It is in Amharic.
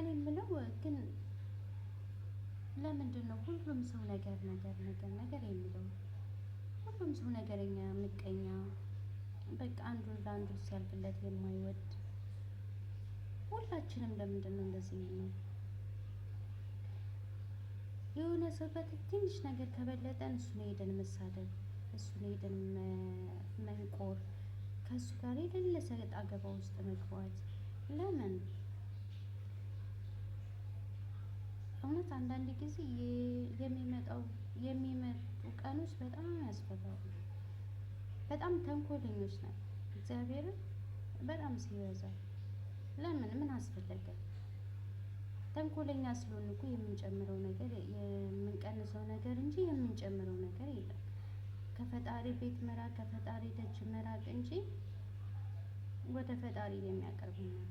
እኔ የምለው ግን ለምንድን ነው ሁሉም ሰው ነገር ነገር ነገር ነገር የሚለው? ሁሉም ሰው ነገረኛ፣ ምቀኛ፣ በቃ አንዱን ለአንዱ ሲያልፍለት የማይወድ ሁላችንም ለምንድን ነው እንደዚህ ነው? የሆነ ሰው በትንሽ ነገር ከበለጠን እሱን ሄደን መሳደብ፣ እሱን ሄደን መንቆር፣ ከእሱ ጋር ሄደን ለሰጥ ገባ ውስጥ መግባት ለምን? እውነት አንዳንድ ጊዜ የሚመጣው የሚመጡ ቀኖች በጣም ያስፈራሉ። በጣም ተንኮለኞች ናቸው እግዚአብሔርን በጣም ሲበዛ ለምን ምን አስፈለገ? ተንኮለኛ ስለሆን እኮ የምንጨምረው ነገር የምንቀንሰው ነገር እንጂ የምንጨምረው ነገር የለም። ከፈጣሪ ቤት መራቅ፣ ከፈጣሪ ደጅ መራቅ እንጂ ወደ ፈጣሪ የሚያቀርብ ነው።